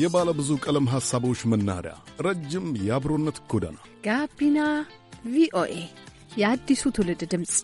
የባለ ብዙ ቀለም ሐሳቦች መናኸሪያ፣ ረጅም የአብሮነት ጎዳና ጋቢና ቪኦኤ የአዲሱ ትውልድ ድምፅ።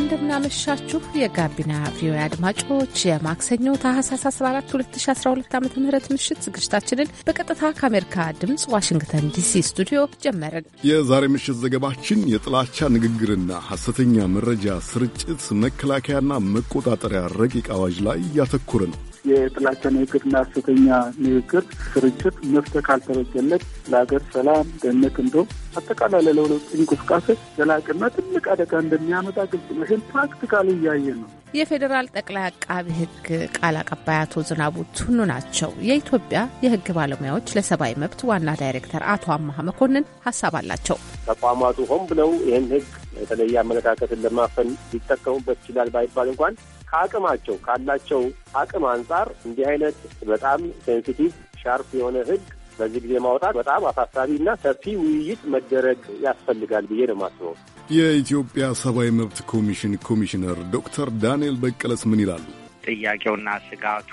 እንደምናመሻችሁ የጋቢና ቪኦኤ አድማጮች፣ የማክሰኞ ታህሳስ 14 2012 ዓ ም ምሽት ዝግጅታችንን በቀጥታ ከአሜሪካ ድምፅ ዋሽንግተን ዲሲ ስቱዲዮ ጀመርን። የዛሬ ምሽት ዘገባችን የጥላቻ ንግግርና ሐሰተኛ መረጃ ስርጭት መከላከያና መቆጣጠሪያ ረቂቅ አዋጅ ላይ እያተኮረ ነው። የጥላቻ ንግግርና ሐሰተኛ ንግግር ስርጭት መፍትሄ ካልተበጀለት ለሀገር ሰላም፣ ደህንነት እንዲሁም አጠቃላይ ለለውጥ እንቅስቃሴ ዘላቅና ትልቅ አደጋ እንደሚያመጣ ግልጽ ነው። ይህን ፕራክቲካሊ እያየን ነው። የፌዴራል ጠቅላይ አቃቢ ሕግ ቃል አቀባይ አቶ ዝናቡ ቱኑ ናቸው። የኢትዮጵያ የሕግ ባለሙያዎች ለሰብአዊ መብት ዋና ዳይሬክተር አቶ አማሀ መኮንን ሀሳብ አላቸው። ተቋማቱ ሆን ብለው ይህን ሕግ የተለየ አመለካከትን ለማፈን ሊጠቀሙበት ይችላል ባይባል እንኳን ከአቅማቸው ካላቸው አቅም አንጻር እንዲህ አይነት በጣም ሴንሲቲቭ ሻርፕ የሆነ ህግ በዚህ ጊዜ ማውጣት በጣም አሳሳቢ እና ሰፊ ውይይት መደረግ ያስፈልጋል ብዬ ነው የማስበው። የኢትዮጵያ ሰብአዊ መብት ኮሚሽን ኮሚሽነር ዶክተር ዳንኤል በቀለስ ምን ይላሉ? ጥያቄውና ስጋቱ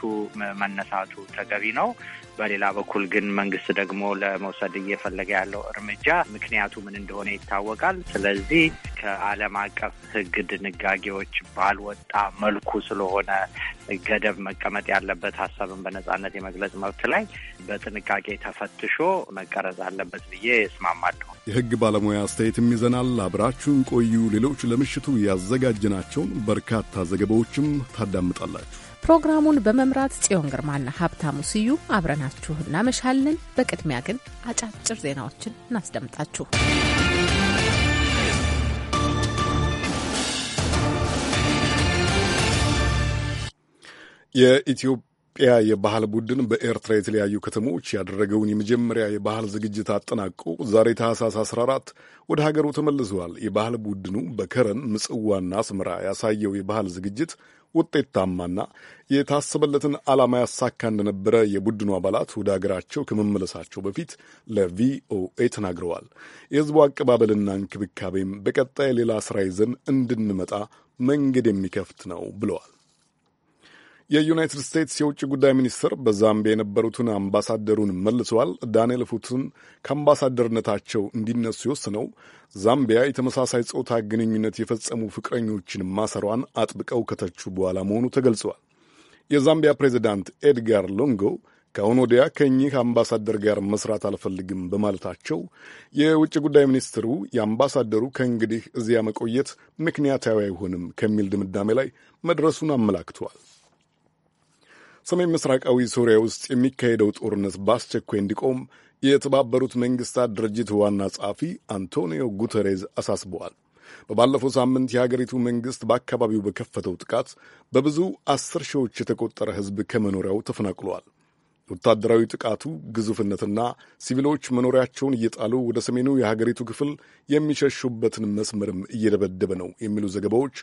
መነሳቱ ተገቢ ነው። በሌላ በኩል ግን መንግስት ደግሞ ለመውሰድ እየፈለገ ያለው እርምጃ ምክንያቱ ምን እንደሆነ ይታወቃል። ስለዚህ ከዓለም አቀፍ ሕግ ድንጋጌዎች ባልወጣ መልኩ ስለሆነ ገደብ መቀመጥ ያለበት ሀሳብን በነጻነት የመግለጽ መብት ላይ በጥንቃቄ ተፈትሾ መቀረጽ አለበት ብዬ እስማማለሁ። የሕግ ባለሙያ አስተያየትም ይዘናል። አብራችሁን ቆዩ። ሌሎች ለምሽቱ ያዘጋጅናቸውን በርካታ ዘገባዎችም ታዳምጣላችሁ። ፕሮግራሙን በመምራት ጽዮን ግርማና ሀብታሙ ስዩም አብረናችሁ እናመሻለን። በቅድሚያ ግን አጫጭር ዜናዎችን እናስደምጣችሁ። የኢትዮ የኢትዮጵያ የባህል ቡድን በኤርትራ የተለያዩ ከተሞች ያደረገውን የመጀመሪያ የባህል ዝግጅት አጠናቆ ዛሬ ታህሳስ 14 ወደ ሀገሩ ተመልሰዋል። የባህል ቡድኑ በከረን ምጽዋና አስመራ ያሳየው የባህል ዝግጅት ውጤታማና የታሰበለትን ዓላማ ያሳካ እንደነበረ የቡድኑ አባላት ወደ ሀገራቸው ከመመለሳቸው በፊት ለቪኦኤ ተናግረዋል። የሕዝቡ አቀባበልና እንክብካቤም በቀጣይ ሌላ ስራ ይዘን እንድንመጣ መንገድ የሚከፍት ነው ብለዋል። የዩናይትድ ስቴትስ የውጭ ጉዳይ ሚኒስትር በዛምቢያ የነበሩትን አምባሳደሩን መልሰዋል። ዳንኤል ፉትን ከአምባሳደርነታቸው እንዲነሱ የወስነው ዛምቢያ የተመሳሳይ ጾታ ግንኙነት የፈጸሙ ፍቅረኞችን ማሰሯን አጥብቀው ከተቹ በኋላ መሆኑ ተገልጸዋል። የዛምቢያ ፕሬዚዳንት ኤድጋር ሎንጎ ከአሁን ወዲያ ከእኚህ አምባሳደር ጋር መስራት አልፈልግም በማለታቸው የውጭ ጉዳይ ሚኒስትሩ የአምባሳደሩ ከእንግዲህ እዚያ መቆየት ምክንያታዊ አይሆንም ከሚል ድምዳሜ ላይ መድረሱን አመላክተዋል። ሰሜን ምስራቃዊ ሶሪያ ውስጥ የሚካሄደው ጦርነት በአስቸኳይ እንዲቆም የተባበሩት መንግስታት ድርጅት ዋና ጸሐፊ አንቶኒዮ ጉተሬዝ አሳስበዋል። በባለፈው ሳምንት የሀገሪቱ መንግስት በአካባቢው በከፈተው ጥቃት በብዙ አስር ሺዎች የተቆጠረ ሕዝብ ከመኖሪያው ተፈናቅሏል። ወታደራዊ ጥቃቱ ግዙፍነትና ሲቪሎች መኖሪያቸውን እየጣሉ ወደ ሰሜኑ የሀገሪቱ ክፍል የሚሸሹበትን መስመርም እየደበደበ ነው የሚሉ ዘገባዎች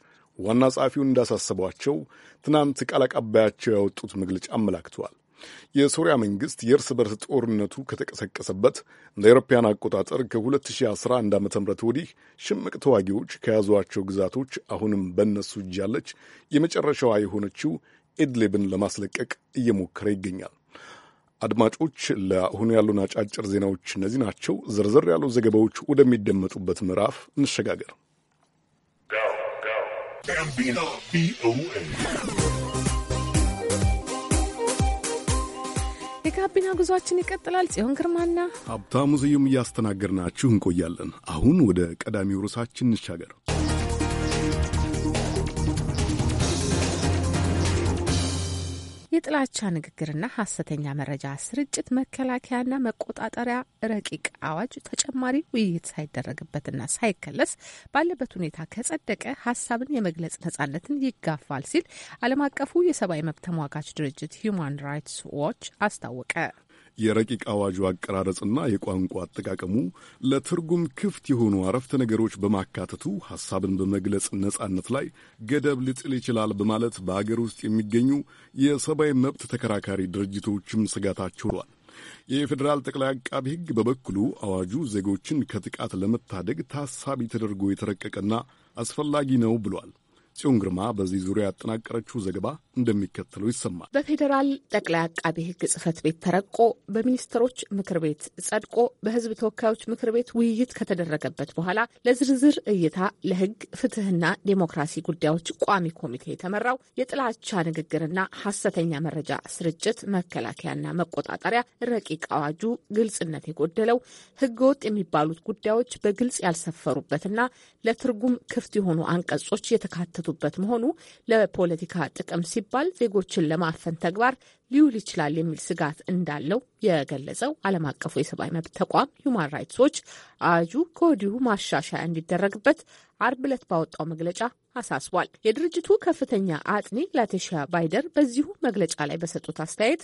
ዋና ጸሐፊውን እንዳሳሰቧቸው ትናንት ቃል አቀባያቸው ያወጡት መግለጫ አመላክተዋል። የሶሪያ መንግስት የእርስ በርስ ጦርነቱ ከተቀሰቀሰበት እንደ አውሮፓውያን አቆጣጠር ከ2011 ዓ ም ወዲህ ሽምቅ ተዋጊዎች ከያዟቸው ግዛቶች አሁንም በእነሱ እጅ ያለች የመጨረሻዋ የሆነችው ኢድሊብን ለማስለቀቅ እየሞከረ ይገኛል። አድማጮች፣ ለአሁኑ ያሉን አጫጭር ዜናዎች እነዚህ ናቸው። ዝርዝር ያሉ ዘገባዎች ወደሚደመጡበት ምዕራፍ እንሸጋገር። ጋቢና ቪኦኤ የጋቢና ጉዟችን ይቀጥላል። ጽዮን ግርማና ሀብታሙ ስዩም እያስተናገድናችሁ እንቆያለን። አሁን ወደ ቀዳሚው ርዕሳችን እንሻገር። የጥላቻ ንግግርና ሀሰተኛ መረጃ ስርጭት መከላከያና መቆጣጠሪያ ረቂቅ አዋጅ ተጨማሪ ውይይት ሳይደረግበትና ሳይከለስ ባለበት ሁኔታ ከጸደቀ ሀሳብን የመግለጽ ነጻነትን ይጋፋል ሲል ዓለም አቀፉ የሰብአዊ መብት ተሟጋች ድርጅት ሂዩማን ራይትስ ዎች አስታወቀ። የረቂቅ አዋጁ አቀራረጽና የቋንቋ አጠቃቀሙ ለትርጉም ክፍት የሆኑ አረፍተ ነገሮች በማካተቱ ሐሳብን በመግለጽ ነጻነት ላይ ገደብ ሊጥል ይችላል በማለት በአገር ውስጥ የሚገኙ የሰብአዊ መብት ተከራካሪ ድርጅቶችም ስጋታቸው ሏል። የፌዴራል ጠቅላይ አቃቢ ሕግ በበኩሉ አዋጁ ዜጎችን ከጥቃት ለመታደግ ታሳቢ ተደርጎ የተረቀቀና አስፈላጊ ነው ብሏል። ጽዮን ግርማ በዚህ ዙሪያ ያጠናቀረችው ዘገባ እንደሚከተለው ይሰማል። በፌዴራል ጠቅላይ አቃቤ ሕግ ጽህፈት ቤት ተረቆ በሚኒስትሮች ምክር ቤት ጸድቆ በህዝብ ተወካዮች ምክር ቤት ውይይት ከተደረገበት በኋላ ለዝርዝር እይታ ለህግ ፍትህና ዴሞክራሲ ጉዳዮች ቋሚ ኮሚቴ የተመራው የጥላቻ ንግግርና ሀሰተኛ መረጃ ስርጭት መከላከያና መቆጣጠሪያ ረቂቅ አዋጁ ግልጽነት የጎደለው ህገወጥ የሚባሉት ጉዳዮች በግልጽ ያልሰፈሩበትና ለትርጉም ክፍት የሆኑ አንቀጾች የተካተ የሚያካትቱበት መሆኑ ለፖለቲካ ጥቅም ሲባል ዜጎችን ለማፈን ተግባር ሊውል ይችላል የሚል ስጋት እንዳለው የገለጸው ዓለም አቀፉ የሰብአዊ መብት ተቋም ሁማን ራይትስ ዎች አዋጁ ከወዲሁ ማሻሻያ እንዲደረግበት አርብ ዕለት ባወጣው መግለጫ አሳስቧል። የድርጅቱ ከፍተኛ አጥኒ ላቴሺያ ባይደር በዚሁ መግለጫ ላይ በሰጡት አስተያየት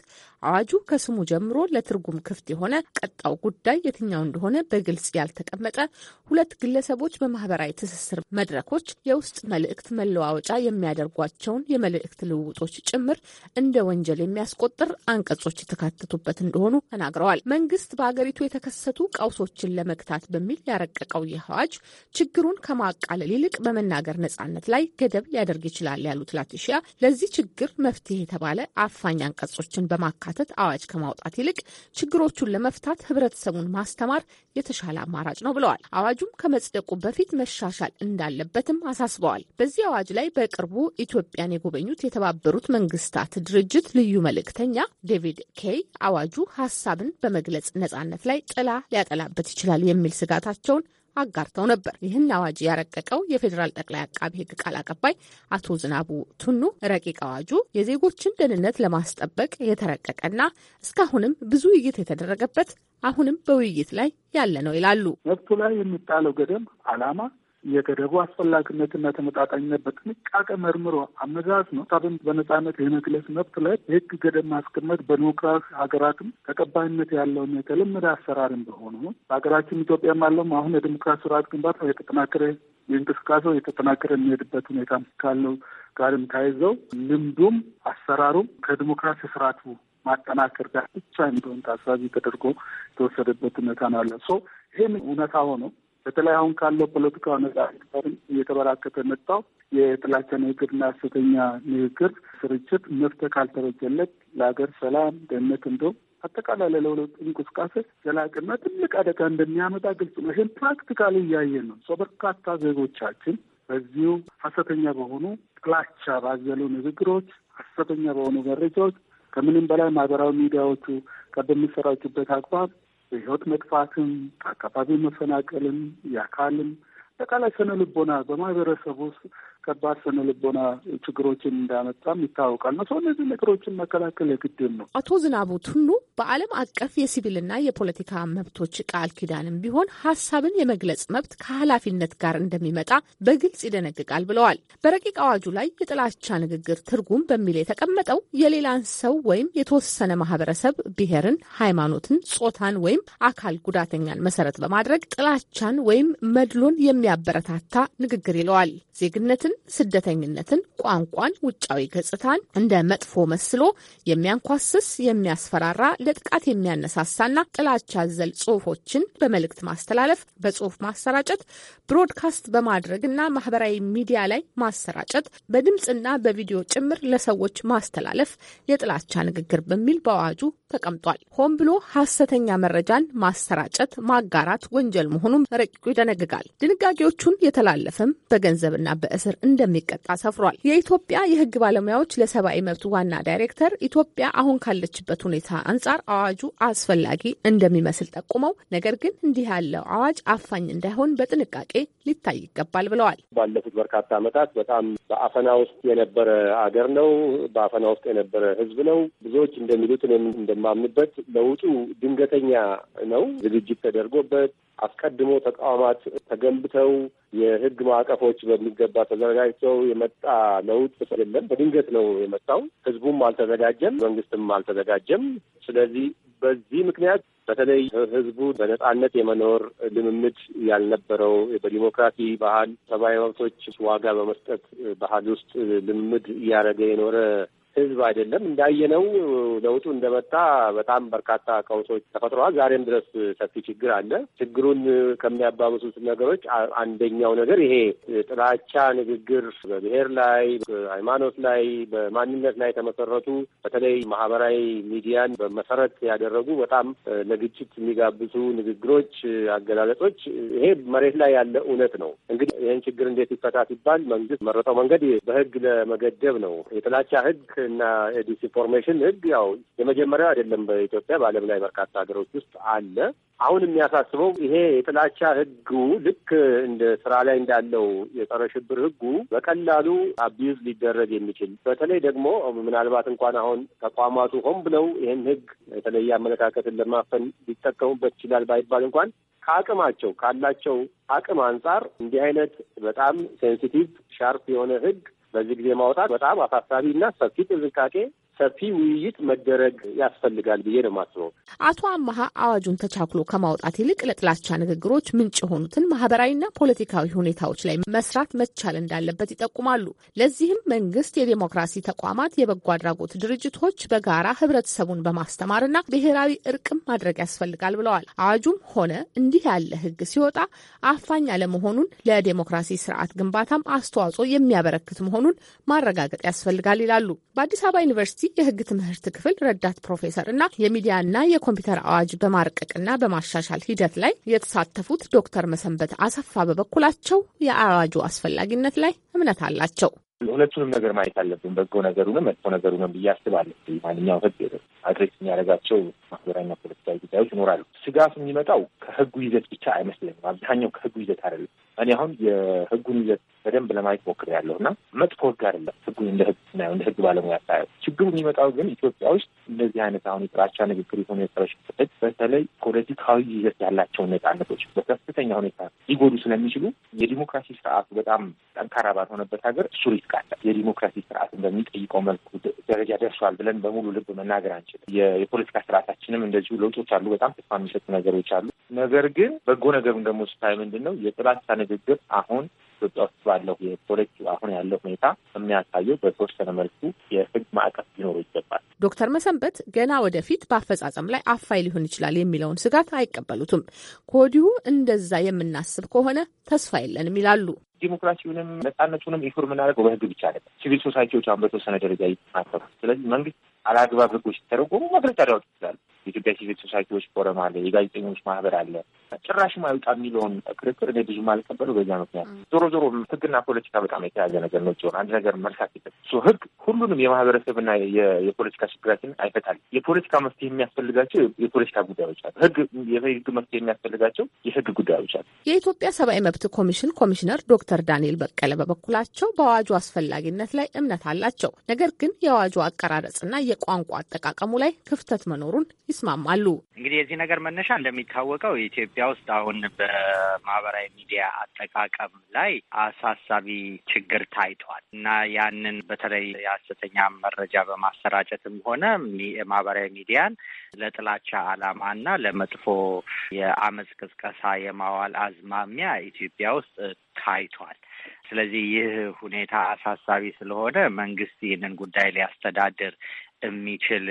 አዋጁ ከስሙ ጀምሮ ለትርጉም ክፍት የሆነ ቀጣው ጉዳይ የትኛው እንደሆነ በግልጽ ያልተቀመጠ፣ ሁለት ግለሰቦች በማህበራዊ ትስስር መድረኮች የውስጥ መልእክት መለዋወጫ የሚያደርጓቸውን የመልእክት ልውውጦች ጭምር እንደ ወንጀል የሚያስቆጥር አንቀጾች የተካተቱበት እንደሆኑ ተናግረዋል። መንግስት በአገሪቱ የተከሰቱ ቀውሶችን ለመግታት በሚል ያረቀቀው ይህ አዋጅ ችግሩን ከማቃለል ይልቅ በመናገር ነጻነት ስርጭት ላይ ገደብ ሊያደርግ ይችላል ያሉት ላቲሺያ ለዚህ ችግር መፍትሄ የተባለ አፋኝ አንቀጾችን በማካተት አዋጅ ከማውጣት ይልቅ ችግሮቹን ለመፍታት ህብረተሰቡን ማስተማር የተሻለ አማራጭ ነው ብለዋል። አዋጁም ከመጽደቁ በፊት መሻሻል እንዳለበትም አሳስበዋል። በዚህ አዋጅ ላይ በቅርቡ ኢትዮጵያን የጎበኙት የተባበሩት መንግስታት ድርጅት ልዩ መልእክተኛ ዴቪድ ኬይ አዋጁ ሀሳብን በመግለጽ ነጻነት ላይ ጥላ ሊያጠላበት ይችላል የሚል ስጋታቸውን አጋርተው ነበር። ይህን አዋጅ ያረቀቀው የፌዴራል ጠቅላይ አቃቢ ሕግ ቃል አቀባይ አቶ ዝናቡ ቱኑ ረቂቅ አዋጁ የዜጎችን ደህንነት ለማስጠበቅ የተረቀቀና እስካሁንም ብዙ ውይይት የተደረገበት አሁንም በውይይት ላይ ያለ ነው ይላሉ። መብቱ ላይ የሚጣለው ገደብ አላማ የገደቡ አስፈላጊነትና ተመጣጣኝነት በጥንቃቄ መርምሮ ነው ሀሳብን በነጻነት የመግለጽ መብት ላይ የህግ ገደብ ማስቀመጥ በዲሞክራሲ ሀገራትም ተቀባይነት ያለውን የተለመደ አሰራር በሆኑ በሀገራችን ኢትዮጵያም ያለውም አሁን የዲሞክራሲ ስርዓት ግንባታ የተጠናከረ የእንቅስቃሴው የተጠናከረ የሚሄድበት ሁኔታ ካለው ጋርም ታይዘው ልምዱም አሰራሩም ከዲሞክራሲ ስርዓቱ ማጠናከር ጋር ብቻ እንደሆን ታሳቢ ተደርጎ የተወሰደበት ሁኔታ ነው ያለው። ይህም እውነታ ሆኖ በተለይ አሁን ካለው ፖለቲካዊ ነጻነት እየተበራከተ መጣው የጥላቻ ንግግርና ሐሰተኛ ንግግር ስርጭት መፍትሄ ካልተበጀለት ለሀገር ሰላም፣ ደህንነት እንዲሁም አጠቃላይ ለለውጥ እንቅስቃሴ ዘላቅና ትልቅ አደጋ እንደሚያመጣ ግልጽ ነው። ይህን ፕራክቲካል እያየን ነው። ሰው በርካታ ዜጎቻችን በዚሁ ሐሰተኛ በሆኑ ጥላቻ ባዘሉ ንግግሮች፣ ሐሰተኛ በሆኑ መረጃዎች ከምንም በላይ ማህበራዊ ሚዲያዎቹ ከበሚሰራጩበት አግባብ የህይወት መጥፋትም፣ አካባቢ መፈናቀልም፣ የአካልም አጠቃላይ ስነ ልቦና በማህበረሰብ ውስጥ ከባድ ስነ ልቦና ችግሮችን እንዳመጣም ይታወቃል። መቶ እነዚህ ነገሮችን መከላከል የግድም ነው። አቶ ዝናቡ ቱሉ በዓለም አቀፍ የሲቪልና የፖለቲካ መብቶች ቃል ኪዳንም ቢሆን ሀሳብን የመግለጽ መብት ከኃላፊነት ጋር እንደሚመጣ በግልጽ ይደነግጋል ብለዋል። በረቂቅ አዋጁ ላይ የጥላቻ ንግግር ትርጉም በሚል የተቀመጠው የሌላን ሰው ወይም የተወሰነ ማህበረሰብ ብሔርን፣ ሃይማኖትን፣ ጾታን ወይም አካል ጉዳተኛን መሰረት በማድረግ ጥላቻን ወይም መድሎን የሚያበረታታ ንግግር ይለዋል። ዜግነትን ስደተኝነትን፣ ቋንቋን፣ ውጫዊ ገጽታን እንደ መጥፎ መስሎ የሚያንኳስስ የሚያስፈራራ፣ ለጥቃት የሚያነሳሳና ጥላቻ አዘል ጽሁፎችን በመልእክት ማስተላለፍ፣ በጽሁፍ ማሰራጨት፣ ብሮድካስት በማድረግና ማህበራዊ ሚዲያ ላይ ማሰራጨት፣ በድምፅና በቪዲዮ ጭምር ለሰዎች ማስተላለፍ የጥላቻ ንግግር በሚል በአዋጁ ተቀምጧል። ሆን ብሎ ሀሰተኛ መረጃን ማሰራጨት፣ ማጋራት ወንጀል መሆኑን ረቂቁ ይደነግጋል። ድንጋጌዎቹን የተላለፈም በገንዘብና በእስር እንደሚቀጣ ሰፍሯል። የኢትዮጵያ የህግ ባለሙያዎች ለሰብአዊ መብት ዋና ዳይሬክተር ኢትዮጵያ አሁን ካለችበት ሁኔታ አንጻር አዋጁ አስፈላጊ እንደሚመስል ጠቁመው፣ ነገር ግን እንዲህ ያለው አዋጅ አፋኝ እንዳይሆን በጥንቃቄ ሊታይ ይገባል ብለዋል። ባለፉት በርካታ ዓመታት በጣም በአፈና ውስጥ የነበረ አገር ነው። በአፈና ውስጥ የነበረ ህዝብ ነው። ብዙዎች እንደሚሉት እኔም እንደማምንበት ለውጡ ድንገተኛ ነው። ዝግጅት ተደርጎበት አስቀድሞ ተቋማት ተገንብተው የህግ ማዕቀፎች በሚገባ ተዘ ተዘጋጅተው የመጣ ለውጥ ስለለም በድንገት ነው የመጣው። ህዝቡም አልተዘጋጀም፣ መንግስትም አልተዘጋጀም። ስለዚህ በዚህ ምክንያት በተለይ ህዝቡ በነጻነት የመኖር ልምምድ ያልነበረው በዲሞክራሲ ባህል ሰብአዊ መብቶች ዋጋ በመስጠት ባህል ውስጥ ልምምድ እያደረገ የኖረ ህዝብ አይደለም። እንዳየነው ለውጡ እንደመጣ በጣም በርካታ ቀውሶች ተፈጥረዋል። ዛሬም ድረስ ሰፊ ችግር አለ። ችግሩን ከሚያባብሱት ነገሮች አንደኛው ነገር ይሄ ጥላቻ ንግግር በብሔር ላይ፣ ሃይማኖት ላይ፣ በማንነት ላይ የተመሰረቱ በተለይ ማህበራዊ ሚዲያን በመሰረት ያደረጉ በጣም ለግጭት የሚጋብዙ ንግግሮች፣ አገላለጾች ይሄ መሬት ላይ ያለ እውነት ነው። እንግዲህ ይህን ችግር እንዴት ይፈታ ሲባል መንግስት መረጠው መንገድ በህግ ለመገደብ ነው። የጥላቻ ህግ እና ዲስኢንፎርሜሽን ህግ ያው የመጀመሪያው አይደለም። በኢትዮጵያ በዓለም ላይ በርካታ ሀገሮች ውስጥ አለ። አሁን የሚያሳስበው ይሄ የጥላቻ ህጉ ልክ እንደ ስራ ላይ እንዳለው የጸረ ሽብር ህጉ በቀላሉ አቢዩዝ ሊደረግ የሚችል በተለይ ደግሞ ምናልባት እንኳን አሁን ተቋማቱ ሆን ብለው ይህን ህግ የተለየ አመለካከትን ለማፈን ሊጠቀሙበት ይችላል ባይባል እንኳን ከአቅማቸው ካላቸው አቅም አንጻር እንዲህ አይነት በጣም ሴንሲቲቭ ሻርፕ የሆነ ህግ በዚህ ጊዜ ማውጣት በጣም አሳሳቢ እና ሰፊ ጥንቃቄ ሰፊ ውይይት መደረግ ያስፈልጋል ብዬ ነው የማስበው። አቶ አመሀ አዋጁን ተቻክሎ ከማውጣት ይልቅ ለጥላቻ ንግግሮች ምንጭ የሆኑትን ማህበራዊና ፖለቲካዊ ሁኔታዎች ላይ መስራት መቻል እንዳለበት ይጠቁማሉ። ለዚህም መንግስት፣ የዴሞክራሲ ተቋማት፣ የበጎ አድራጎት ድርጅቶች በጋራ ህብረተሰቡን በማስተማርና ብሔራዊ እርቅም ማድረግ ያስፈልጋል ብለዋል። አዋጁም ሆነ እንዲህ ያለ ህግ ሲወጣ አፋኝ አለመሆኑን ለዴሞክራሲ ስርዓት ግንባታም አስተዋጽኦ የሚያበረክት መሆኑን ማረጋገጥ ያስፈልጋል ይላሉ። በአዲስ አበባ ዩኒቨርሲቲ ዩኒቨርሲቲ የህግ ትምህርት ክፍል ረዳት ፕሮፌሰር እና የሚዲያና የኮምፒውተር አዋጅ በማርቀቅና በማሻሻል ሂደት ላይ የተሳተፉት ዶክተር መሰንበት አሰፋ በበኩላቸው የአዋጁ አስፈላጊነት ላይ እምነት አላቸው። ሁለቱንም ነገር ማየት አለብን፣ በጎ ነገሩንም መጥፎ ነገሩንም ብዬ አስባለሁ። ማንኛው ህግ አድሬስ የሚያደርጋቸው ማህበራዊና ፖለቲካዊ ጉዳዮች ይኖራሉ። ስጋት የሚመጣው ከህጉ ይዘት ብቻ አይመስለኝም። አብዛኛው ከህጉ ይዘት አይደለም። እኔ አሁን የህጉን ይዘት በደንብ ለማየት ሞክሬያለሁ እና መጥፎ ህግ አይደለም። ህጉን እንደ ህግ ስናየው እንደ ህግ ባለሙያ ሳየው ችግሩ የሚመጣው ግን ኢትዮጵያ ውስጥ እንደዚህ አይነት አሁን የጥላቻ ንግግር የሆኑ የጸረ ህግ በተለይ ፖለቲካዊ ይዘት ያላቸውን ነጻነቶች በከፍተኛ ሁኔታ ሊጎዱ ስለሚችሉ የዲሞክራሲ ስርዓቱ በጣም ጠንካራ ባልሆነበት ሀገር እሱ ሪስክ አለ። የዲሞክራሲ ስርዓትን በሚጠይቀው መልኩ ደረጃ ደርሷል ብለን በሙሉ ልብ መናገር አንችልም። የፖለቲካ ስርዓታችንም እንደዚሁ ለውጦች አሉ። በጣም ተስፋ የሚሰጡ ነገሮች አሉ። ነገር ግን በጎ ነገሩን ደግሞ ስታይ ምንድን ነው የጥላቻ ንግግር አሁን ኢትዮጵያ ውስጥ ባለው የፖለቲ አሁን ያለው ሁኔታ የሚያሳየው በተወሰነ መልኩ የህግ ማዕቀፍ ሊኖሩ ይገባል። ዶክተር መሰንበት ገና ወደፊት በአፈጻጸም ላይ አፋይ ሊሆን ይችላል የሚለውን ስጋት አይቀበሉትም። ከወዲሁ እንደዛ የምናስብ ከሆነ ተስፋ የለንም ይላሉ። ዲሞክራሲውንም ነጻነቱንም ኢንፎር የምናደርገው በህግ ብቻ አለ። ሲቪል ሶሳይቲዎች አሁን በተወሰነ ደረጃ ይተናከሩ። ስለዚህ መንግስት አላግባብ ህጎች ሲተረጎሙ መግለጫ ሊያወጡ ይችላሉ። የኢትዮጵያ ሲቪል ሶሳይቲዎች ፎረም አለ፣ የጋዜጠኞች ማህበር አለ። ጭራሽ ማይውጣ የሚለውን ክርክር እኔ ብዙም አልቀበለው በዛ ምክንያት። ዞሮ ዞሮ ህግና ፖለቲካ በጣም የተያዘ ነገር ነው። ሲሆን አንድ ነገር መርሳት የለም። ህግ ሁሉንም የማህበረሰብና የፖለቲካ ችግራችን አይፈታል። የፖለቲካ መፍትሄ የሚያስፈልጋቸው የፖለቲካ ጉዳዮች አሉ። ህግ የህግ መፍትሄ የሚያስፈልጋቸው የህግ ጉዳዮች አሉ። የኢትዮጵያ ሰብአዊ መብት ኮሚሽን ኮሚሽነር ዶክተር ዳንኤል በቀለ በበኩላቸው በአዋጁ አስፈላጊነት ላይ እምነት አላቸው። ነገር ግን የአዋጁ አቀራረጽና የቋንቋ አጠቃቀሙ ላይ ክፍተት መኖሩን ይስማማሉ። እንግዲህ የዚህ ነገር መነሻ እንደሚታወቀው ኢትዮጵያ ውስጥ አሁን በማህበራዊ ሚዲያ አጠቃቀም ላይ አሳሳቢ ችግር ታይቷል እና ያንን በተለይ የሐሰተኛ መረጃ በማሰራጨትም ሆነ ማህበራዊ ሚዲያን ለጥላቻ ዓላማ እና ለመጥፎ የአመፅ ቅስቀሳ የማዋል አዝማሚያ ኢትዮጵያ ውስጥ ታይቷል። ስለዚህ ይህ ሁኔታ አሳሳቢ ስለሆነ መንግስት ይህንን ጉዳይ ሊያስተዳድር የሚችል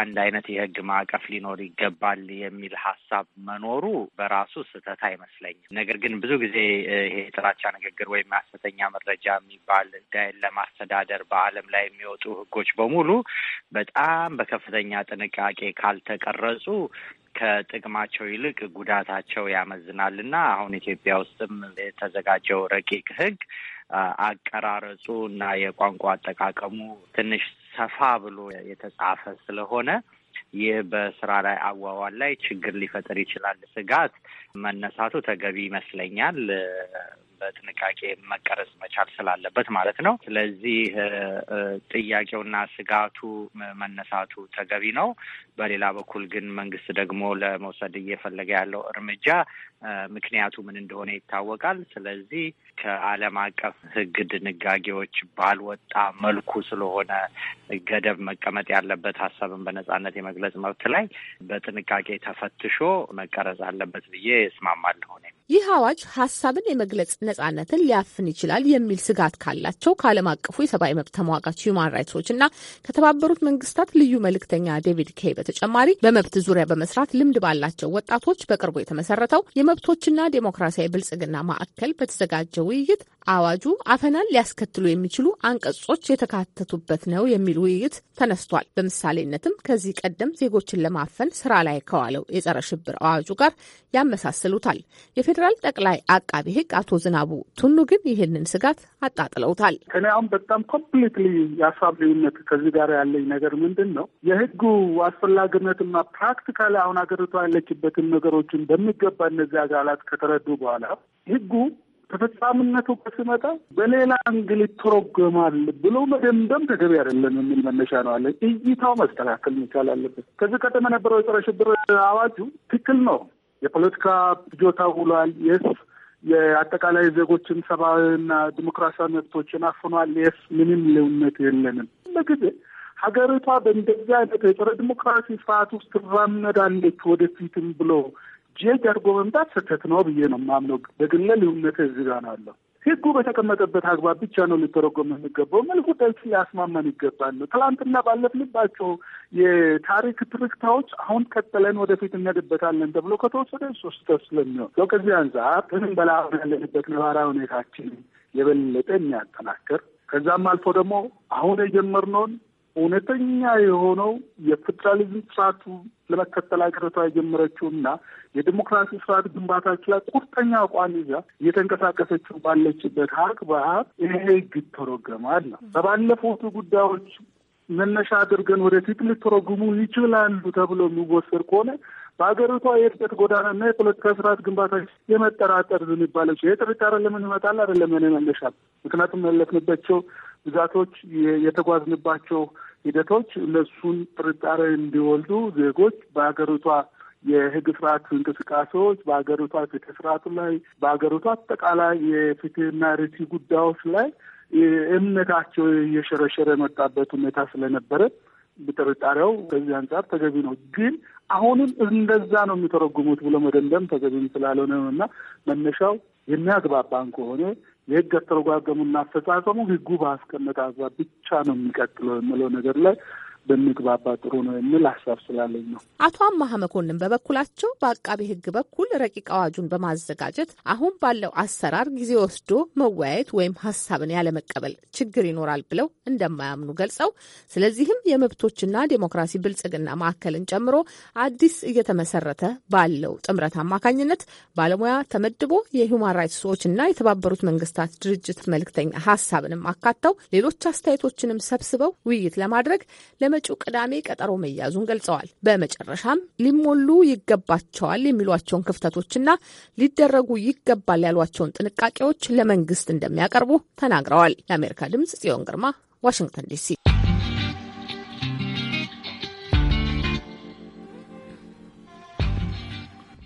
አንድ አይነት የህግ ማዕቀፍ ሊኖር ይገባል የሚል ሀሳብ መኖሩ በራሱ ስህተት አይመስለኝም። ነገር ግን ብዙ ጊዜ ይሄ የጥላቻ ንግግር ወይም ሐሰተኛ መረጃ የሚባል ጉዳይን ለማስተዳደር በዓለም ላይ የሚወጡ ህጎች በሙሉ በጣም በከፍተኛ ጥንቃቄ ካልተቀረጹ ከጥቅማቸው ይልቅ ጉዳታቸው ያመዝናል እና አሁን ኢትዮጵያ ውስጥም የተዘጋጀው ረቂቅ ህግ አቀራረጹ እና የቋንቋ አጠቃቀሙ ትንሽ ሰፋ ብሎ የተጻፈ ስለሆነ ይህ በስራ ላይ አዋዋል ላይ ችግር ሊፈጥር ይችላል ስጋት መነሳቱ ተገቢ ይመስለኛል። በጥንቃቄ መቀረጽ መቻል ስላለበት ማለት ነው። ስለዚህ ጥያቄውና ስጋቱ መነሳቱ ተገቢ ነው። በሌላ በኩል ግን መንግስት ደግሞ ለመውሰድ እየፈለገ ያለው እርምጃ ምክንያቱ ምን እንደሆነ ይታወቃል። ስለዚህ ከዓለም አቀፍ ሕግ ድንጋጌዎች ባልወጣ መልኩ ስለሆነ ገደብ መቀመጥ ያለበት ሀሳብን በነጻነት የመግለጽ መብት ላይ በጥንቃቄ ተፈትሾ መቀረጽ አለበት ብዬ እስማማለሁ ይህ አዋጅ ሀሳብን የመግለጽ ነጻነትን ሊያፍን ይችላል የሚል ስጋት ካላቸው ከዓለም አቀፉ የሰብአዊ መብት ተሟጋች ሂውማን ራይትሶች እና ከተባበሩት መንግስታት ልዩ መልእክተኛ ዴቪድ ኬይ በተጨማሪ በመብት ዙሪያ በመስራት ልምድ ባላቸው ወጣቶች በቅርቡ የተመሰረተው የመብቶችና ዴሞክራሲያዊ ብልጽግና ማዕከል በተዘጋጀ ውይይት አዋጁ አፈናን ሊያስከትሉ የሚችሉ አንቀጾች የተካተቱበት ነው የሚል ውይይት ተነስቷል። በምሳሌነትም ከዚህ ቀደም ዜጎችን ለማፈን ስራ ላይ ከዋለው የጸረ ሽብር አዋጁ ጋር ያመሳስሉታል። የፌዴራል ጠቅላይ አቃቢ ሕግ አቶ ዝናቡ ቱኑ ግን ይህንን ስጋት አጣጥለውታል። እኔ አሁን በጣም ኮምፕሊትሊ የሀሳብ ልዩነት ከዚህ ጋር ያለኝ ነገር ምንድን ነው የህጉ አስፈላጊነትና ፕራክቲካሊ አሁን ሀገሪቷ ያለችበትን ነገሮችን በሚገባ እነዚህ አካላት ከተረዱ በኋላ ህጉ ተፈጻሚነቱ ከስመጣ በሌላ እንግል ይተረጎማል ብሎ መደምደም ተገቢ አይደለም የሚል መነሻ ነው አለ። እይታው መስተካከል መቻል አለበት። ከዚህ ቀደም የነበረው የጸረ ሽብር አዋጁ ትክክል ነው፣ የፖለቲካ ፍጆታ ውሏል። የስ የአጠቃላይ ዜጎችን ሰብአዊና ዲሞክራሲያዊ መብቶችን አፍኗል። የስ ምንም ልዩነት የለንም። ለጊዜ ሀገሪቷ በእንደዚህ አይነት የጸረ ዲሞክራሲ ስርዓት ውስጥ ትራመዳለች ወደፊትም ብሎ እጅግ አድርጎ መምጣት ስህተት ነው ብዬ ነው የማምነው። በግለ ልዩነት እዚህ ጋር ነው ያለው። ህጉ በተቀመጠበት አግባብ ብቻ ነው ሊተረጎም የሚገባው። መልኩ ጉዳይ ሊያስማመን ይገባል ነው። ትላንትና ባለፍንባቸው የታሪክ ትርክታዎች አሁን ቀጥለን ወደፊት እንሄድበታለን ተብሎ ከተወሰደ ሶስት ስለሚሆን ው ከዚህ አንጻር ምንም በላ ያለንበት ነባራዊ ሁኔታችን የበለጠ የሚያጠናክር ከዛም አልፎ ደግሞ አሁን የጀመርነውን እውነተኛ የሆነው የፌዴራሊዝም ስርዓቱ ለመከተል አቅርታ የጀመረችው እና የዲሞክራሲ ስርዓት ግንባታችን ላይ ቁርጠኛ አቋም ይዛ እየተንቀሳቀሰችው ባለችበት ሀቅ በሀቅ ይሄ ህግ ተረገማል ነው። በባለፉት ጉዳዮች መነሻ አድርገን ወደፊት ልትረጉሙ ይችላሉ ተብሎ የሚወሰድ ከሆነ በሀገሪቷ የእድገት እና የፖለቲካ ስርዓት ግንባታ የመጠራጠር ዝንባሌዎች ይሄ ለምን ይመጣል? አይደለም ኔ መነሻ ምክንያቱም መለፍንበቸው ግዛቶች የተጓዝንባቸው ሂደቶች እነሱን ጥርጣሬ እንዲወልዱ ዜጎች በሀገሪቷ የህግ ስርዓት እንቅስቃሴዎች በሀገሪቷ ፍትህ ስርዓቱ ላይ በሀገሪቷ አጠቃላይ የፍትህና ርዕሲ ጉዳዮች ላይ እምነታቸው እየሸረሸረ የመጣበት ሁኔታ ስለነበረ ጥርጣሬው ከዚህ አንጻር ተገቢ ነው። ግን አሁንም እንደዛ ነው የሚተረጉሙት ብሎ መደምደም ተገቢም ስላልሆነ ነው እና መነሻው የሚያግባባን ከሆነ የህግ አተረጓጎሙና አፈጻጸሙ ህጉ ባስቀመጠ አግባብ ብቻ ነው የሚቀጥለው የምለው ነገር ላይ ብንግባባ ጥሩ ነው የሚል ሀሳብ ስላለኝ ነው። አቶ አማሀ መኮንን በበኩላቸው በአቃቢ ሕግ በኩል ረቂቅ አዋጁን በማዘጋጀት አሁን ባለው አሰራር ጊዜ ወስዶ መወያየት ወይም ሀሳብን ያለመቀበል ችግር ይኖራል ብለው እንደማያምኑ ገልጸው ስለዚህም የመብቶችና ዴሞክራሲ ብልጽግና ማዕከልን ጨምሮ አዲስ እየተመሰረተ ባለው ጥምረት አማካኝነት ባለሙያ ተመድቦ የሁማን ራይትስ ዎችና የተባበሩት መንግስታት ድርጅት መልክተኛ ሀሳብንም አካተው ሌሎች አስተያየቶችንም ሰብስበው ውይይት ለማድረግ ለመ ለመጪው ቅዳሜ ቀጠሮ መያዙን ገልጸዋል። በመጨረሻም ሊሞሉ ይገባቸዋል የሚሏቸውን ክፍተቶችና ሊደረጉ ይገባል ያሏቸውን ጥንቃቄዎች ለመንግስት እንደሚያቀርቡ ተናግረዋል። ለአሜሪካ ድምጽ ጽዮን ግርማ ዋሽንግተን ዲሲ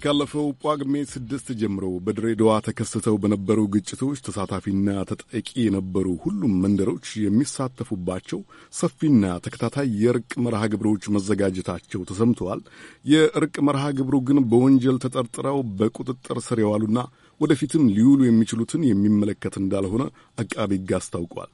ካለፈው ጳጉሜ ስድስት ጀምሮ በድሬዳዋ ተከስተው በነበሩ ግጭቶች ተሳታፊና ተጠቂ የነበሩ ሁሉም መንደሮች የሚሳተፉባቸው ሰፊና ተከታታይ የእርቅ መርሃ ግብሮች መዘጋጀታቸው ተሰምተዋል። የእርቅ መርሃ ግብሩ ግን በወንጀል ተጠርጥረው በቁጥጥር ስር የዋሉና ወደፊትም ሊውሉ የሚችሉትን የሚመለከት እንዳልሆነ አቃቢ ሕግ አስታውቋል።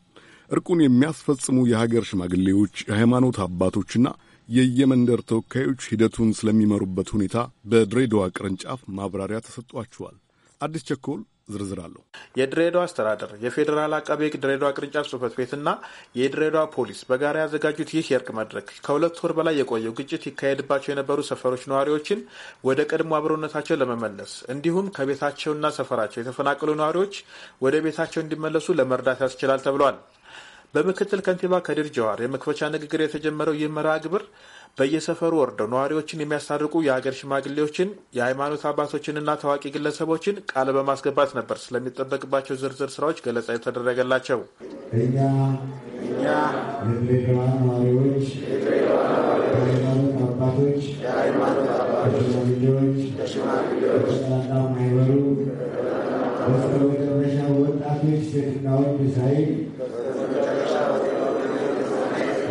እርቁን የሚያስፈጽሙ የሀገር ሽማግሌዎች፣ የሃይማኖት አባቶችና የየመንደር ተወካዮች ሂደቱን ስለሚመሩበት ሁኔታ በድሬዳዋ ቅርንጫፍ ማብራሪያ ተሰጥቷቸዋል። አዲስ ቸኮል ዝርዝር አለው። የድሬዳዋ አስተዳደር፣ የፌዴራል አቃቤ ሕግ ድሬዳዋ ቅርንጫፍ ጽህፈት ቤትና የድሬዳዋ ፖሊስ በጋራ ያዘጋጁት ይህ የእርቅ መድረክ ከሁለት ወር በላይ የቆየው ግጭት ይካሄድባቸው የነበሩ ሰፈሮች ነዋሪዎችን ወደ ቀድሞ አብሮነታቸው ለመመለስ እንዲሁም ከቤታቸውና ሰፈራቸው የተፈናቀሉ ነዋሪዎች ወደ ቤታቸው እንዲመለሱ ለመርዳት ያስችላል ተብሏል። በምክትል ከንቲባ ከድር ጀዋር የመክፈቻ ንግግር የተጀመረው ይህ መርሃ ግብር በየሰፈሩ ወርደው ነዋሪዎችን የሚያስታርቁ የሀገር ሽማግሌዎችን፣ የሃይማኖት አባቶችንና ታዋቂ ግለሰቦችን ቃል በማስገባት ነበር ስለሚጠበቅባቸው ዝርዝር ስራዎች ገለጻ የተደረገላቸው። እኛ የድሬዳዋ ነዋሪዎች፣ የሃይማኖት አባቶች፣ ሽማግሌዎች፣ በስተመጨረሻ ወጣቶች፣ ሴትና ወንድ ሳይል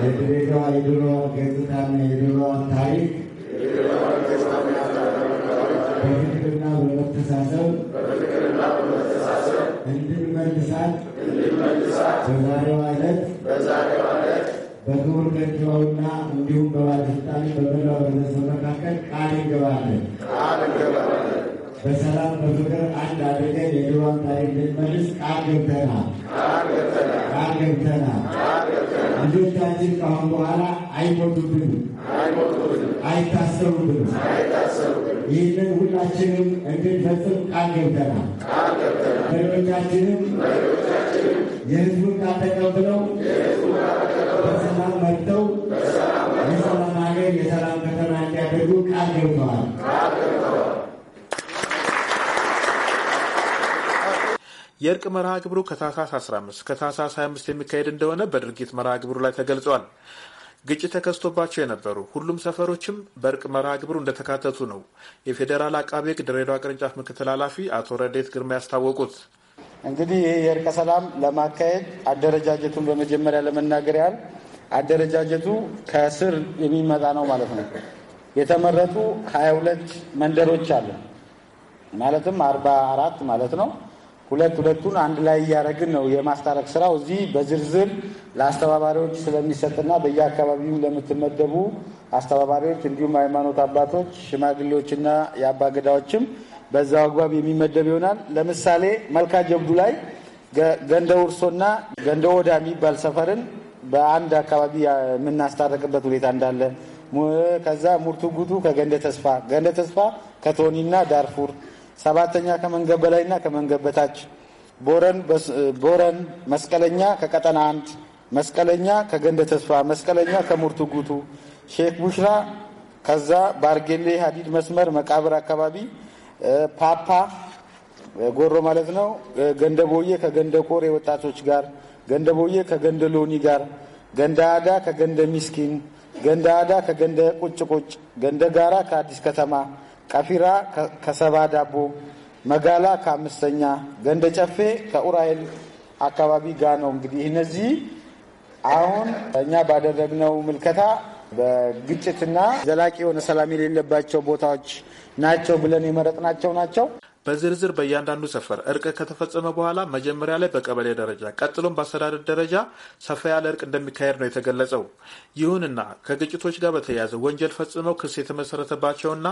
የድሬዳዋ የድሮ ገጽታና የድሮ ታሪክ በፍቅርና በመተሳሰብ እንድንመልሳት በዛሬዋ ዕለት በክቡር ከንቲባውና እንዲሁም በባለስልጣን በመላው ቤተሰብ መካከል ቃል እንገባለን። በሰላም በፍቅር አንድ አድርገን የድሮዋን ታሪክ ልንመልስ ቃል ገብተናል ቃል ገብተናል። ልጆቻችን ከአሁን በኋላ አይሞቱብንም፣ አይታሰሩብንም። ይህንን ሁላችንም እንድንፈጽም ቃል ገብተናል። መሪዎቻችንም የህዝቡን ቃል ተቀብለው በሰላም መጥተው የሰላም ሀገር፣ የሰላም ከተማ እንዲያደርጉ ቃል ገብተዋል። የእርቅ መርሃ ግብሩ ከታህሳስ 15 ከታህሳስ 25 የሚካሄድ እንደሆነ በድርጊት መርሃ ግብሩ ላይ ተገልጿል። ግጭት ተከስቶባቸው የነበሩ ሁሉም ሰፈሮችም በእርቅ መርሃ ግብሩ እንደተካተቱ ነው የፌዴራል አቃቤ ሕግ ድሬዳዋ ቅርንጫፍ ምክትል ኃላፊ አቶ ረዴት ግርማ ያስታወቁት። እንግዲህ ይህ የእርቀ ሰላም ለማካሄድ አደረጃጀቱን በመጀመሪያ ለመናገር ያህል አደረጃጀቱ ከስር የሚመጣ ነው ማለት ነው። የተመረጡ 22 መንደሮች አሉ ማለትም 44 ማለት ነው ሁለት ሁለቱን አንድ ላይ እያደረግን ነው የማስታረቅ ስራው። እዚህ በዝርዝር ለአስተባባሪዎች ስለሚሰጥና በየአካባቢው ለምትመደቡ አስተባባሪዎች እንዲሁም ሃይማኖት አባቶች ሽማግሌዎችና የአባገዳዎችም በዛ በዛው አግባብ የሚመደብ ይሆናል። ለምሳሌ መልካ ጀብዱ ላይ ገንደ ውርሶና ገንደ ወዳ የሚባል ሰፈርን በአንድ አካባቢ የምናስታረቅበት ሁኔታ እንዳለ ከዛ ሙርቱ ጉቱ ከገንደ ተስፋ ገንደ ተስፋ ከቶኒና ዳርፉር ሰባተኛ ከመንገድ በላይና ከመንገድ በታች ቦረን መስቀለኛ ከቀጠና አንድ መስቀለኛ ከገንደ ተስፋ መስቀለኛ ከሙርቱ ጉቱ ሼክ ቡሽራ ከዛ ባርጌሌ ሀዲድ መስመር መቃብር አካባቢ ፓፓ ጎሮ ማለት ነው። ገንደቦዬ ከገንደ ቆሬ ወጣቶች ጋር፣ ገንደቦዬ ከገንደ ሎኒ ጋር፣ ገንደ አዳ ከገንደ ሚስኪን፣ ገንደ አዳ ከገንደ ቁጭቁጭ፣ ገንደ ጋራ ከአዲስ ከተማ ቀፊራ ከሰባ ዳቦ፣ መጋላ ከአምስተኛ፣ ገንደ ጨፌ ከኡራኤል አካባቢ ጋር ነው። እንግዲህ እነዚህ አሁን እኛ ባደረግነው ምልከታ በግጭትና ዘላቂ የሆነ ሰላም የሌለባቸው ቦታዎች ናቸው ብለን የመረጥናቸው ናቸው። በዝርዝር በእያንዳንዱ ሰፈር እርቅ ከተፈጸመ በኋላ መጀመሪያ ላይ በቀበሌ ደረጃ ቀጥሎም በአስተዳደር ደረጃ ሰፋ ያለ እርቅ እንደሚካሄድ ነው የተገለጸው። ይሁንና ከግጭቶች ጋር በተያያዘ ወንጀል ፈጽመው ክስ የተመሰረተባቸውና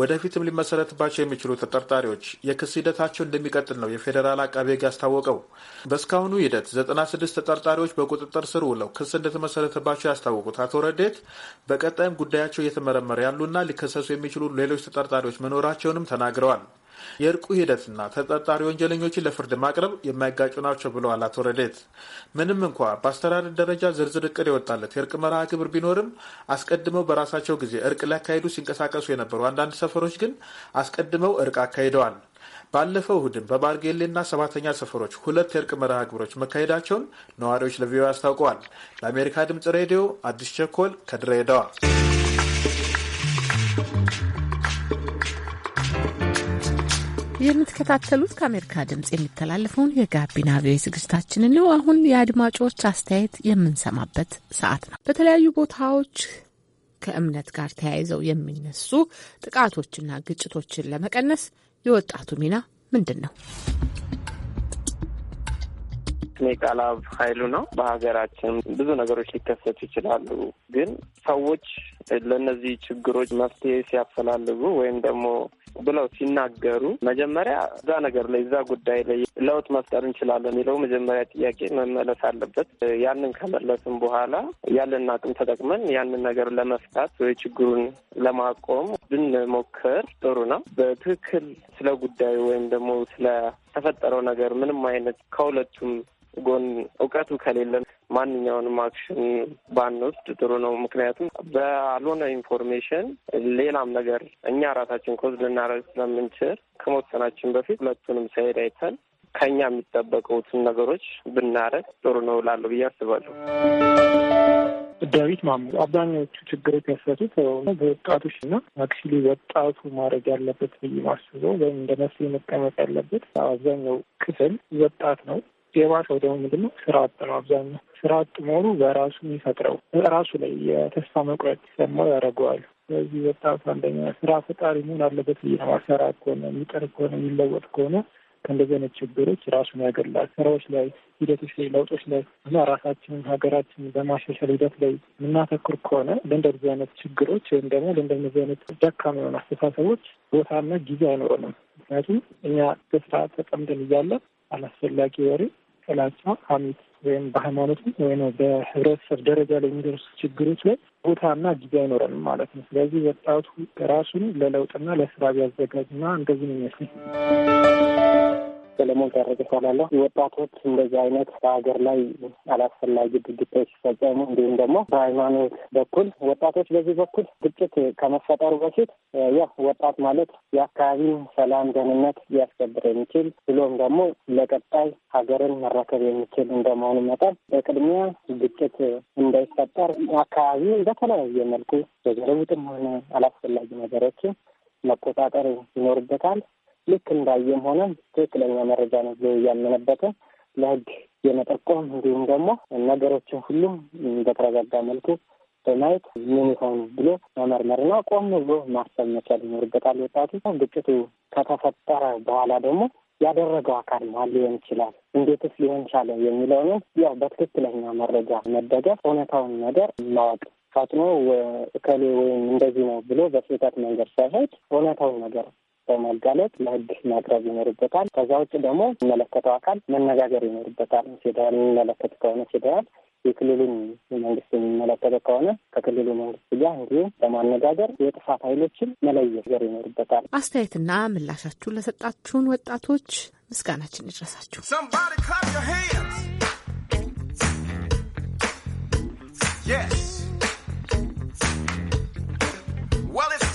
ወደፊትም ሊመሰረትባቸው የሚችሉ ተጠርጣሪዎች የክስ ሂደታቸው እንደሚቀጥል ነው የፌዴራል አቃቤ ሕግ ያስታወቀው። በእስካሁኑ ሂደት 96 ተጠርጣሪዎች በቁጥጥር ስር ውለው ክስ እንደተመሰረተባቸው ያስታወቁት አቶ ረዴት በቀጣይም ጉዳያቸው እየተመረመረ ያሉና ሊከሰሱ የሚችሉ ሌሎች ተጠርጣሪዎች መኖራቸውንም ተናግረዋል። የእርቁ ሂደትና ተጠርጣሪ ወንጀለኞችን ለፍርድ ማቅረብ የማይጋጩ ናቸው ብለዋል አቶ ረዴት። ምንም እንኳ በአስተዳደር ደረጃ ዝርዝር እቅድ የወጣለት የእርቅ መርሃ ግብር ቢኖርም አስቀድመው በራሳቸው ጊዜ እርቅ ሊያካሂዱ ሲንቀሳቀሱ የነበሩ አንዳንድ ሰፈሮች ግን አስቀድመው እርቅ አካሂደዋል። ባለፈው እሁድም በባርጌሌና ሰባተኛ ሰፈሮች ሁለት የእርቅ መርሃ ግብሮች መካሄዳቸውን ነዋሪዎች ለቪኦኤ አስታውቀዋል። ለአሜሪካ ድምጽ ሬዲዮ አዲስ ቸኮል ከድሬዳዋ የምትከታተሉት ከአሜሪካ ድምጽ የሚተላለፈውን የጋቢና ቪኦኤ ዝግጅታችን ነው። አሁን የአድማጮች አስተያየት የምንሰማበት ሰዓት ነው። በተለያዩ ቦታዎች ከእምነት ጋር ተያይዘው የሚነሱ ጥቃቶችና ግጭቶችን ለመቀነስ የወጣቱ ሚና ምንድን ነው? ስሜ ቃላብ ኃይሉ ነው። በሀገራችን ብዙ ነገሮች ሊከሰቱ ይችላሉ። ግን ሰዎች ለእነዚህ ችግሮች መፍትሄ ሲያፈላልጉ ወይም ደግሞ ብለው ሲናገሩ መጀመሪያ እዛ ነገር ላይ እዛ ጉዳይ ላይ ለውጥ መፍጠር እንችላለን የሚለው መጀመሪያ ጥያቄ መመለስ አለበት። ያንን ከመለስም በኋላ ያለን አቅም ተጠቅመን ያንን ነገር ለመፍታት ወይ ችግሩን ለማቆም ብንሞክር ጥሩ ነው። በትክክል ስለ ጉዳዩ ወይም ደግሞ ስለተፈጠረው ነገር ምንም አይነት ከሁለቱም ጎን እውቀቱ ከሌለን ማንኛውንም አክሽን ባንወስድ ጥሩ ነው። ምክንያቱም በአልሆነ ኢንፎርሜሽን ሌላም ነገር እኛ ራሳችን ኮዝ ልናደርግ ስለምንችል ከመወሰናችን በፊት ሁለቱንም ሳይድ አይተን ከኛ የሚጠበቁትን ነገሮች ብናረግ ጥሩ ነው ላለሁ ብዬ አስባለሁ። ዳዊት ማሙ፣ አብዛኛዎቹ ችግሮች መሰረቱት በወጣቶች እና አክቹዋሊ ወጣቱ ማድረግ ያለበት ብዬ ማስበው ወይም እንደ መፍትሄ መቀመጥ ያለበት አብዛኛው ክፍል ወጣት ነው። የባሰው ሰው ደግሞ ምንድን ነው ስራ አጥ ነው። አብዛኛው ስራ አጥ መሆኑ በራሱ የሚፈጥረው ራሱ ላይ የተስፋ መቁረጥ ሰማው ያደርገዋል። ስለዚህ ወጣቱ አንደኛ ስራ ፈጣሪ መሆን አለበት ብዬነማል። ሰራ ከሆነ የሚጠር ከሆነ የሚለወጥ ከሆነ ከእንደዚህ አይነት ችግሮች ራሱን ያገላል። ስራዎች ላይ ሂደቶች ላይ ለውጦች ላይ እና ራሳችንን ሀገራችንን በማሻሻል ሂደት ላይ የምናተኩር ከሆነ ለእንደዚህ አይነት ችግሮች ወይም ደግሞ ለእንደዚህ አይነት ደካማ የሆኑ አስተሳሰቦች ቦታና ጊዜ አይኖርንም። ምክንያቱም እኛ በስራ ተቀምደን እያለን አላስፈላጊ ወሬ ጥላቻ፣ አሚት ወይም በሃይማኖት ወይም በህብረተሰብ ደረጃ ላይ የሚደርሱ ችግሮች ላይ ቦታና ጊዜ አይኖረንም ማለት ነው። ስለዚህ ወጣቱ ራሱን ለለውጥና ለስራ ቢያዘጋጅና እንደዚህ ነው የሚመስለኝ። ሰለሞን ተረገ እባላለሁ። ወጣቶች እንደዚህ አይነት በሀገር ላይ አላስፈላጊ ድርጊቶች ሲፈጸሙ እንዲሁም ደግሞ በሃይማኖት በኩል ወጣቶች በዚህ በኩል ግጭት ከመፈጠሩ በፊት ያው ወጣት ማለት የአካባቢን ሰላም፣ ደህንነት ሊያስከብር የሚችል ብሎም ደግሞ ለቀጣይ ሀገርን መረከብ የሚችል እንደመሆኑ መጠን በቅድሚያ ግጭት እንዳይፈጠር አካባቢ በተለያየ መልኩ በዘረቡትም ሆነ አላስፈላጊ ነገሮችን መቆጣጠር ይኖርበታል። ልክ እንዳየም ሆነ ትክክለኛ መረጃ ነው ብሎ እያመነበትን ለህግ የመጠቆም እንዲሁም ደግሞ ነገሮችን ሁሉም በተረጋጋ መልኩ በማየት ምን ይሆን ብሎ መመርመርና ቆም ብሎ ማሰብ መቻል ይኖርበታል። ወጣቱ ግጭቱ ከተፈጠረ በኋላ ደግሞ ያደረገው አካል ማን ሊሆን ይችላል፣ እንዴትስ ሊሆን ቻለ የሚለውንም ያው በትክክለኛ መረጃ መደገፍ እውነታውን ነገር ማወቅ ፈጥኖ እከሌ ወይም እንደዚህ ነው ብሎ በስህተት መንገድ ሳይሄድ እውነታውን ነገር በማጋለጥ ለህግ ማቅረብ ይኖርበታል። ከዛ ውጭ ደግሞ የሚመለከተው አካል መነጋገር ይኖርበታል። ፌዴራል የሚመለከት ከሆነ ፌዴራል የክልሉን መንግስት የሚመለከተ ከሆነ ከክልሉ መንግስት ጋር እንዲሁም በማነጋገር የጥፋት ኃይሎችን መለየት ገር ይኖርበታል። አስተያየትና ምላሻችሁን ለሰጣችሁን ወጣቶች ምስጋናችን ይድረሳችሁ። Yes. Well, it's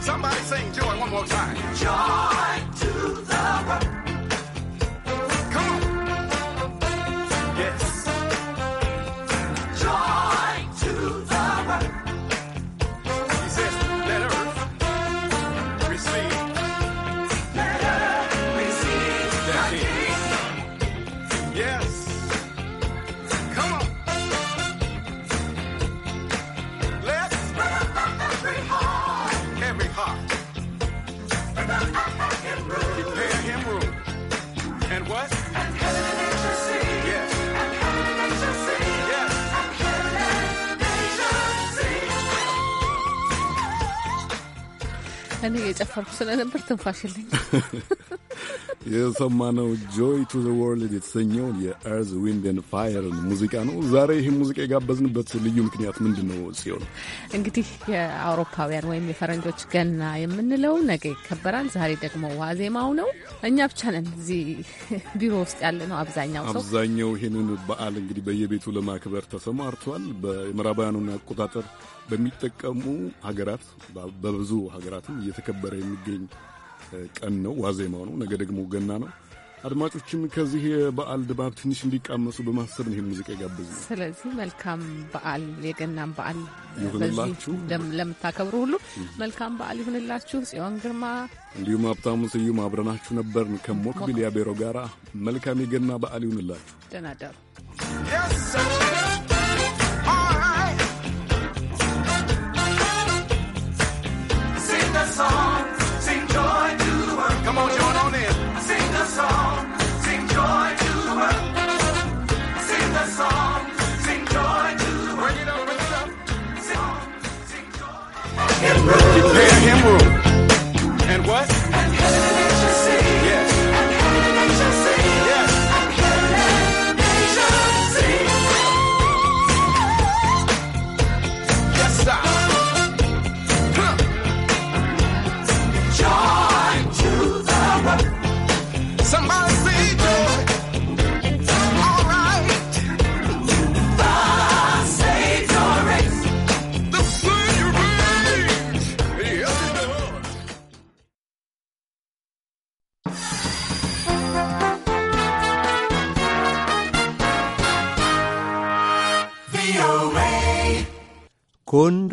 Somebody sing joy one more time. Joy. እኔ የጨፈርኩ ስለነበር ትንፋሽልኝ የሰማነው ጆይ ቱ ዘ ወርልድ የተሰኘውን የኤርዝ ዊንድ ፋየርን ሙዚቃ ነው። ዛሬ ይህን ሙዚቃ የጋበዝንበት ልዩ ምክንያት ምንድን ነው ሲሆን እንግዲህ የአውሮፓውያን ወይም የፈረንጆች ገና የምንለው ነገ ይከበራል። ዛሬ ደግሞ ዋዜማው ነው። እኛ ብቻ ነን እዚህ ቢሮ ውስጥ ያለ ነው አብዛኛው ሰው አብዛኛው ይህንን በዓል እንግዲህ በየቤቱ ለማክበር ተሰማርቷል። በምዕራባውያኑን አቆጣጠር በሚጠቀሙ ሀገራት በብዙ ሀገራትም እየተከበረ የሚገኝ ቀን ነው፣ ዋዜማው ነው። ነገ ደግሞ ገና ነው። አድማጮችም ከዚህ የበዓል ድባብ ትንሽ እንዲቃመሱ በማሰብ ነው ይህ ሙዚቃ የጋበዝ ነው። ስለዚህ መልካም በዓል የገናም በዓል ይሁንላችሁ፣ ለምታከብሩ ሁሉ መልካም በዓል ይሁንላችሁ። ጽዮን ግርማ እንዲሁም ሀብታሙ ስዩም አብረናችሁ ነበርን ከሞክቢል ያቤሮ ጋራ። መልካም የገና በዓል ይሁንላችሁ። ደህና ደሩ።